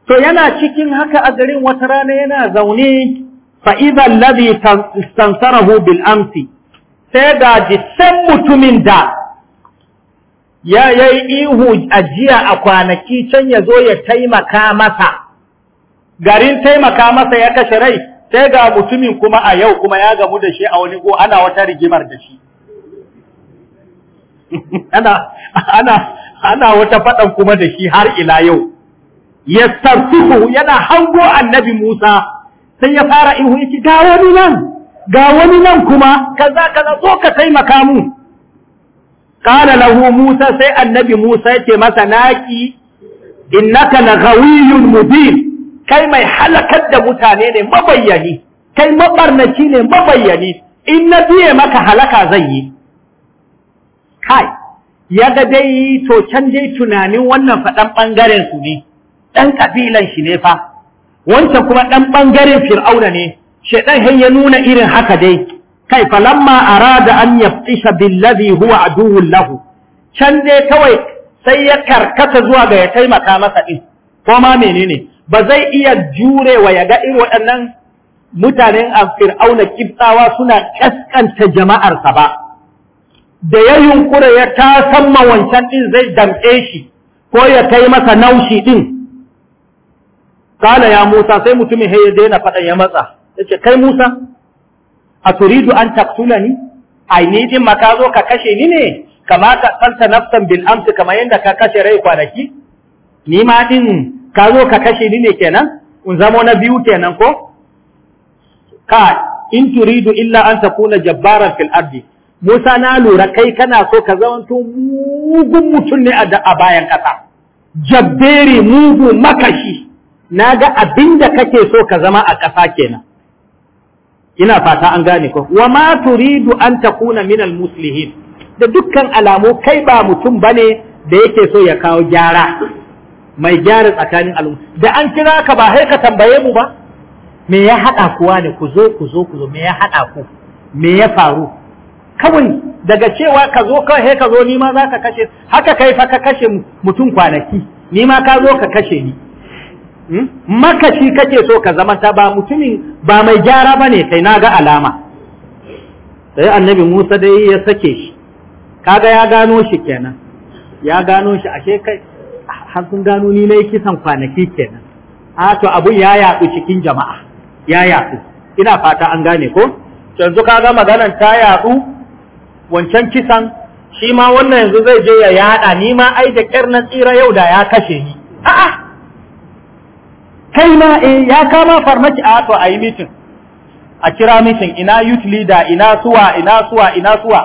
Speaker 1: to yana cikin haka a garin wata rana yana zaune fa'iza lazi stansarahu bil amsi sai da jisan mutumin da ya yi ihu ajiya a kwanaki can ya zo ya taimaka masa garin taimaka masa ya kashe rai sai ga mutumin kuma a yau kuma ya gamu da shi a wani ko ana wata rigimar da shi ana ana wata faɗan kuma da shi har ila yau yastarsihu yana hango annabi Musa sai ya fara ihu yake ga wani nan ga wani nan kuma kaza kaza zo ka taimaka mu qala lahu Musa sai annabi Musa yake masa naki innaka laghawiyyun mubin kai mai halakar da mutane ne mabayyani kai mabarnaci ne mabayyani in na biye maka halaka zai yi kai ya ga dai to can dai tunanin wannan faɗan ɓangaren su ne ɗan ƙabilan shi ne fa wancan kuma ɗan ɓangaren fir'auna ne shaidan hai ya nuna irin haka dai kai falamma arada an yaftisha billazi huwa aduwwun lahu can dai kawai sai ya karkata zuwa ga ya taimaka masa din ko ma menene ba zai iya jurewa ya ga irin waɗannan mutanen a fir'auna kibtsawa suna kaskanta jama'arsa ba da ya yunkura ya tasamma wancan din zai damƙe shi ko ya kai masa naushi din kala ya Musa sai mutumin ya daina faɗan ya matsa yace kai Musa a turidu an ni? A ni din maka zo ka kashe ni ne kama ka tsalta nafsan bil amsi kamar yadda ka kashe rai kwanaki ni ma din ka zo ka kashe ni ne kenan in zamo na biyu kenan ko ka in turidu illa an takuna jabbaran fil ardi Musa na lura kai kana so ka zamanto mugun mutum ne a bayan kasa jabberi mugu makashi na ga abin da kake so ka zama a ƙasa kenan ina fata an gane ko wa ma turidu an takuna al muslihin da dukkan alamu kai ba mutum bane da yake so ya kawo gyara mai gyara tsakanin al'umma da an kira ka ba sai ka tambaye mu ba me ya hada kuwa ne ku zo ku zo ku zo me ya hada ku me ya faru kawai daga cewa ka zo ka sai ka zo ni ma za ka kashe haka kai fa ka kashe mutum kwanaki ni ma ka zo ka kashe ni Hmm? makashi kake so ka zama ta ba mutumin ba mai gyara ba ne kai na ga alama sai annabi musa dai ya sake shi
Speaker 2: kaga ya gano shi
Speaker 1: kenan ya gano shi ashe kai har sun gano ni na kisan kwanaki kenan a to abun ya yaɗu cikin jama'a ya yaɗu ina fata an gane ko yanzu kaga maganan ta yaɗu wancan kisan shi ma wannan yanzu zai je ya yaɗa ni ma ai da ƙyar na tsira yau da ya kashe ni a'a kai ma eh ya kama farmaki a to a yi mitin a kira mitin ina youth leader ina suwa ina suwa ina suwa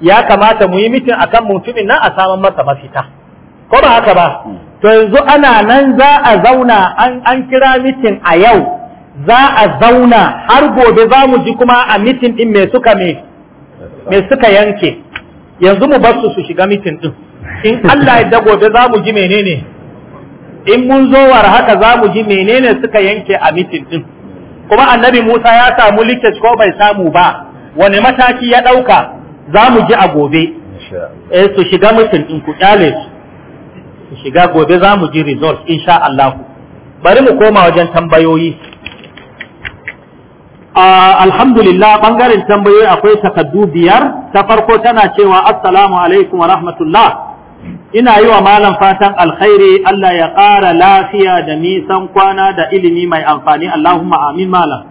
Speaker 1: ya kamata mu yi mitin akan mutumin nan a saman masa mafita ko ba haka ba hmm. to yanzu ana nan za a zauna an an kira mitin a yau za a zauna har gobe za mu ji kuma a mitin din me suka me me suka yanke yanzu mu bar su su shiga mitin din in Allah ya da gobe za mu ji menene in mun zo war haka za mu ji menene suka yanke a mitin din kuma annabi Musa ya samu leakage ko bai samu ba wani mataki ya ɗauka za mu ji a gobe eh su shiga mitin din ku kyale su shiga gobe za mu ji result insha Allah bari mu koma wajen tambayoyi alhamdulillah bangaren tambayoyi akwai takaddu biyar ta farko tana cewa assalamu alaikum wa rahmatullah ina yi wa malam fatan alkhairi Allah ya ƙara lafiya da nisan kwana da ilimi mai amfani Allahumma amin malam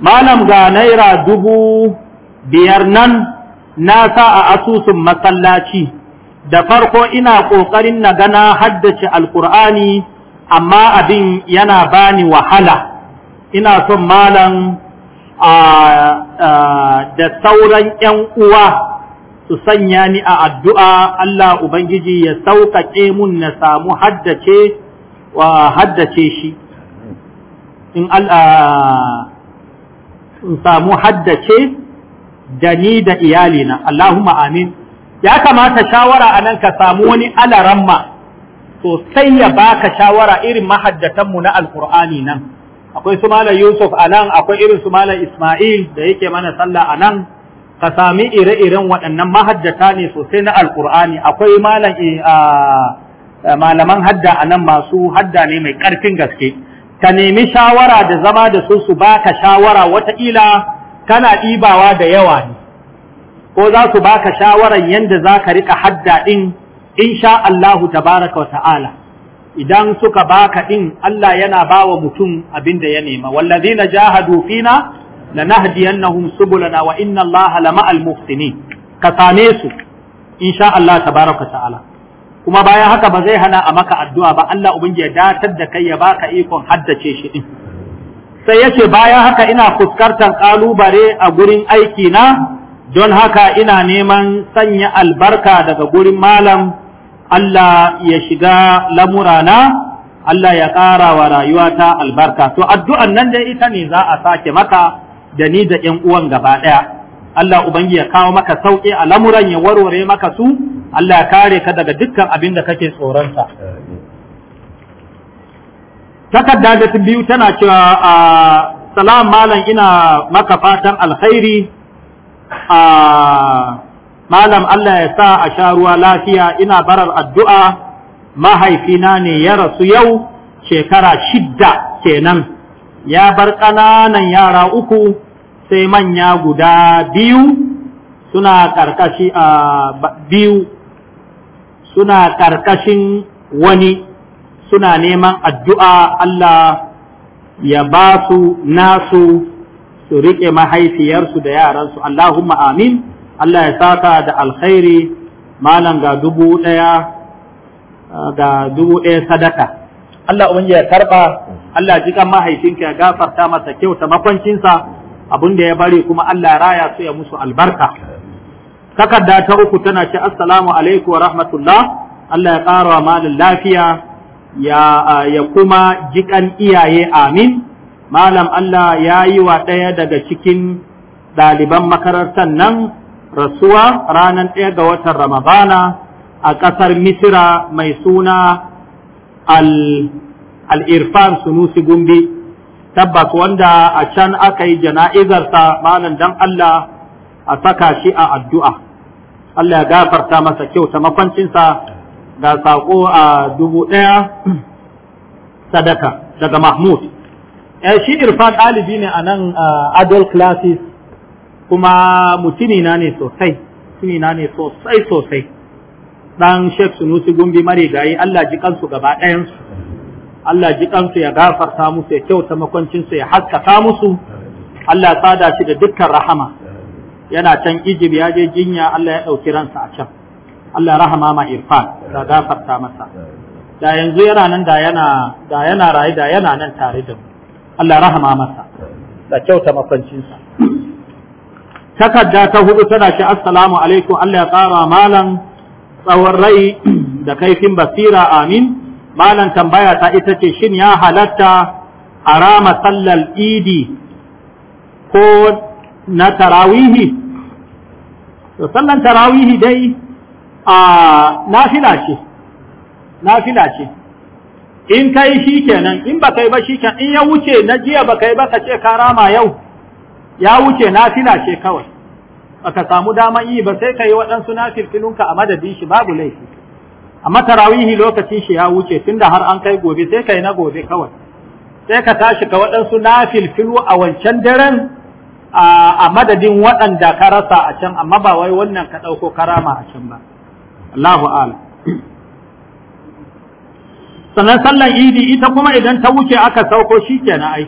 Speaker 1: malam ga naira dubu biyar nan na sa a asusun masallaci da farko ina ƙoƙarin na gana haddace alkur'ani amma abin yana bani wahala ina son malam ah, ah, da sauran 'yan uwa su sanya ni a addu'a Allah Ubangiji ya sauƙaƙe mun na samu haddace wa haddace shi, in samu haddace da ni da iyalina, Allahumma amin. Ya kamata shawara a nan ka samu wani alaramma, sosai ya baka shawara irin mahaddatanmu na Alƙur'ani nan. Akwai su Malam Yusuf a nan, akwai irin su Malam Ismail da yake mana sallah a nan. ka sami ire-iren waɗannan mahaddata ne sosai na alkur'ani akwai eh, malaman hadda a nan masu hadda ne mai ƙarfin gaske ka nemi shawara da zama da su su baka shawara wataƙila kana ɗibawa da yawa ne ko za su baka shawaran yadda za ka riƙa hadda ɗin insha Allahu tabaraka wa ta'ala idan suka baka ɗin Allah yana bawa mutum abin da ya nema wallazina jahadu fina lanahdiyannahum subulana wa inna allaha lama'al muhsinin ka same su insha ta baraka ta'ala kuma bayan haka ba zai hana a maka addu'a ba Allah ubangiji ya datar da kai ya baka ikon haddace shi din sai yace bayan haka ina fuskantar ƙalubale a gurin aiki na don haka ina neman sanya albarka daga gurin malam Allah ya shiga lamura na. Allah ya ƙara wa rayuwata albarka to addu'an nan da ita ne za a sake maka da ni da ƴan uwan gaba ɗaya Allah ubangi ya kawo maka sauƙi a lamuran ya warware maka su Allah ya kare ka daga dukkan abin da kake tsoronsa takarda da biyu tana cewa a salam malam ina maka fatan alkhairi a malam Allah ya sa a sha ruwa lafiya ina barar addu'a mahaifina ne ya rasu yau shekara shidda kenan ya bar ƙananan yara uku sai manya guda biyu suna ƙarƙashi a biyu suna ƙarƙashin wani suna neman addu'a Allah ya ba su nasu su riƙe mahaifiyarsu da yaransu Allahumma amin Allah ya saka da alkhairi malam ga dubu ɗaya ga dubu ɗaya sadaka Allah ubangiji ya karba Allah jikan mahaifinka ya gafarta masa kyauta makwancinsa abin da ya bari kuma Allah raya su ya musu albarka takarda ta uku tana ce assalamu alaikum wa rahmatullah Allah ya ƙara malin lafiya ya ya kuma jikan iyaye amin malam Allah ya yi wa ɗaya daga cikin ɗaliban makarantar nan rasuwa ranar ɗaya ga watan Ramadana a ƙasar Misira mai suna Al'irfan irfan sunusi gumbi tabbas wanda a can aka yi jana'izarsa malam dan Allah a saka shi a addu'a Allah ya gafarta masa kyau ta makwancinsa ga saƙo a dubu ɗaya sadaka daga Mahmud eh, shi irfan ɗalibi ne a nan adult classes kuma mutumina ne sosai mutumina ne sosai sosai dan Sheikh Sunusi Gumbi marigayi Allah ji kansu gaba ɗayansu Allah ji kansu ya gafarta musu ya kyauta makwancinsu ya haskaka musu Allah sada shi da dukkan rahama yana can Egypt ya je jinya Allah ya ɗauki ransa a can Allah rahama ma Irfan da gafarta masa da yanzu yana nan da yana da yana rayu da yana nan tare da mu Allah rahama masa da kyauta makwancinsa takarda ta hudu tana ce assalamu alaikum Allah ya ƙara malam tsawon rai da kaifin basira amin malam tambaya ta ita ce shin ya halatta a rama sallar idi ko na tarawihi to sallan tarawihi dai a nafila ce nafila ce in kai shi kenan in ba kai ba shi kenan in ya wuce na jiya ba kai ba ka ce ka rama yau ya wuce nafila ce kawai baka samu daman yi ba sai ka yi waɗansu nafilfilinka a madadin shi babu laifi amma tarawihi lokacin shi ya wuce tunda har an kai gobe sai ka yi na gobe kawai sai ka tashi ka waɗansu nafilfilu a wancan daren a madadin waɗanda ka rasa a can amma ba wai wannan ka ɗauko karama a can ba Allahu a'ala sannan sallan idi ita kuma idan ta wuce aka sauko shi kenan ai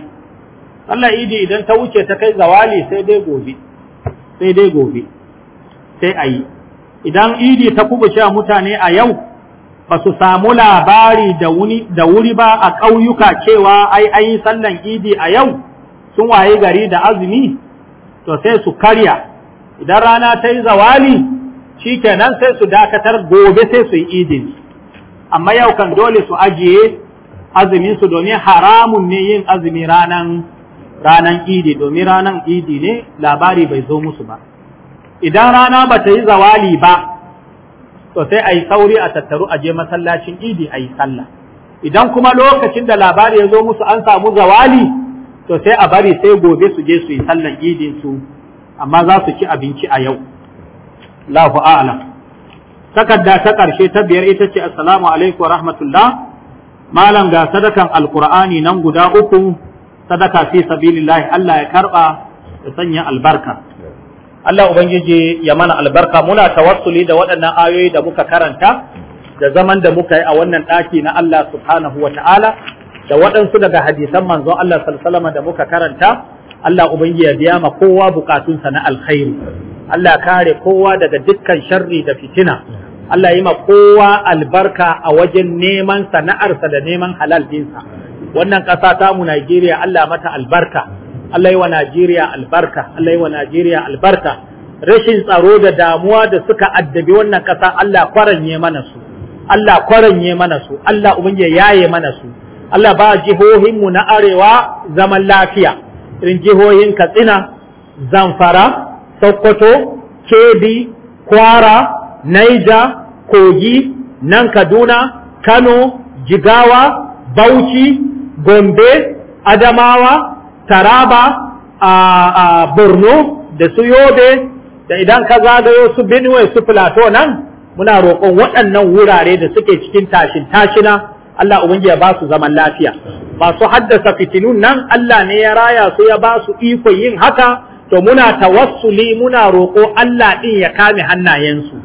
Speaker 1: sallan idi idan ta wuce ta kai zawali sai dai gobe sai dai gobe sai a idan idi ta kubuce mutane a yau ba su samu labari da wuri ba a ƙauyuka cewa ai an yi sallan idi a yau sun waye gari da azumi to sai su karya idan rana ta yi zawali shikenan sai su dakatar gobe sai su yi idin amma yau kan dole su ajiye azumin su domin haramun ne yin azumi ranan ranan idi domin ranan idi ne labari bai zo musu ba idan rana ba ta yi zawali ba to sai a sauri a tattaru a je masallacin idi a yi sallah idan kuma lokacin da labari ya zo musu an samu zawali to sai a bari sai gobe su je su yi sallan idin su amma za su ci abinci a yau lahu takarda ta ƙarshe ta biyar ita ce assalamu alaikum wa rahmatullah malam ga sadakan alqur'ani nan guda uku sadaka fi sabilillahi Allah ya karba ya sanya albarka Allah ubangiji ya mana albarka muna tawassuli da waɗannan ayoyi da muka karanta da zaman da muka yi a wannan ɗaki na Allah subhanahu wa ta'ala da waɗansu daga hadisan manzon Allah sallallahu da muka karanta Allah ubangiji ya biya ma kowa bukatunsa na alkhairi Allah kare kowa daga dukkan sharri da fitina Allah yi ma kowa albarka a wajen neman sana'arsa da neman halal dinsa. wannan ƙasa tamu Najeriya Allah mata albarka Allah yi wa Najeriya albarka Allah yi wa Najeriya albarka rashin tsaro da damuwa da suka addabi wannan ƙasa Allah kwaranye mana su Allah kwaranye mana su Allah ubangiji yaye mana su Allah ba jihohin mu na arewa zaman lafiya irin jihohin Katsina Zamfara Sokoto Kebbi Kwara Niger Kogi nan Kaduna Kano Jigawa Bauchi gombe adamawa taraba a borno da su yobe da idan ka zagayo su benue su plateau nan muna roƙon waɗannan wurare da suke cikin tashin tashina Allah ubangi ya ba su zaman lafiya Ba su haddasa fitinun nan Allah ne ya raya su ya ba su ikon yin haka to muna tawassuli muna roƙo Allah ɗin ya kame hannayensu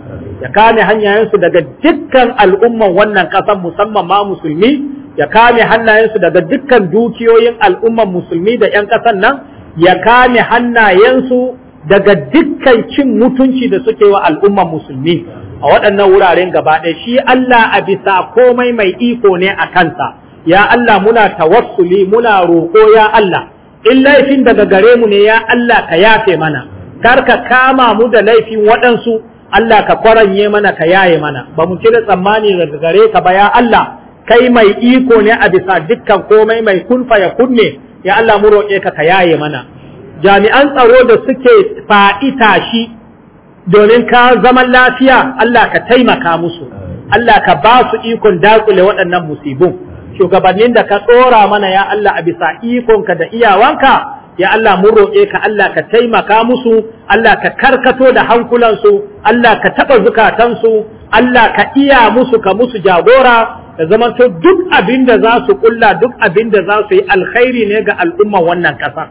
Speaker 1: ya kame hannayensu daga dukkan al'umman wannan ƙasar musamman ma musulmi ya kame hannayensu daga dukkan dukiyoyin al'umman musulmi da 'yan ƙasan nan ya kame hannayensu daga dukkan cin mutunci da suke wa al'umman musulmi a waɗannan wuraren gaba ɗaya shi Allah a bisa komai mai iko ne a kansa ya Allah muna tawassuli muna roƙo ya Allah in laifin daga gare mu ne ya Allah ka yafe mana kar ka kama mu da laifin waɗansu Allah ka kwaranye mana ka yaye mana ba mu kira tsammani daga gare ka ba ya Allah kai mai iko ne a bisa dukkan komai mai kunfa ya kunne ya Allah mu roƙe ka ka yaye mana jami'an tsaro da suke fa'ita shi domin ka zaman lafiya Allah ka taimaka musu Allah ka ba su ikon dakule waɗannan musibun shugabannin da ka tsora mana ya Allah a bisa ikonka da iyawanka ya Allah mu roƙe ka Allah ka taimaka musu Allah ka karkato da hankulansu Allah ka taɓa zukatansu Allah ka iya musu ka musu jagora da zamanto duk abin da za su kulla duk abin da za su yi alkhairi ne ga al'umman wannan ƙasa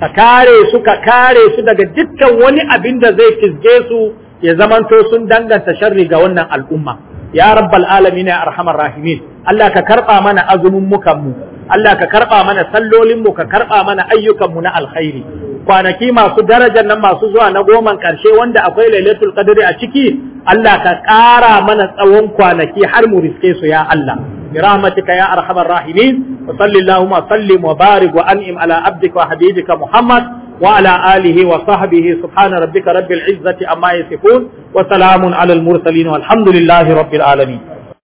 Speaker 1: ka kare su ka kare su daga dukkan wani abin da zai fisge su ya zamanto sun danganta sharri ga wannan al'umma ya rabbal alamin ya arhamar rahimin Allah ka karba mana azumin mukan mu Allah ka karɓa mana sallolinmu ka karɓa mana ayyukanmu na alkhairi kwanaki masu darajar nan masu zuwa na goman ƙarshe wanda akwai lailatul qadri a ciki Allah ka ƙara mana tsawon kwanaki har mu riske su ya Allah برحمتك يا أرحم الراحمين وصل اللهم وسلم وبارك وأنعم على عبدك وحبيبك محمد وعلى آله subhana سبحان ربك رب العزة أما يصفون وسلام على المرسلين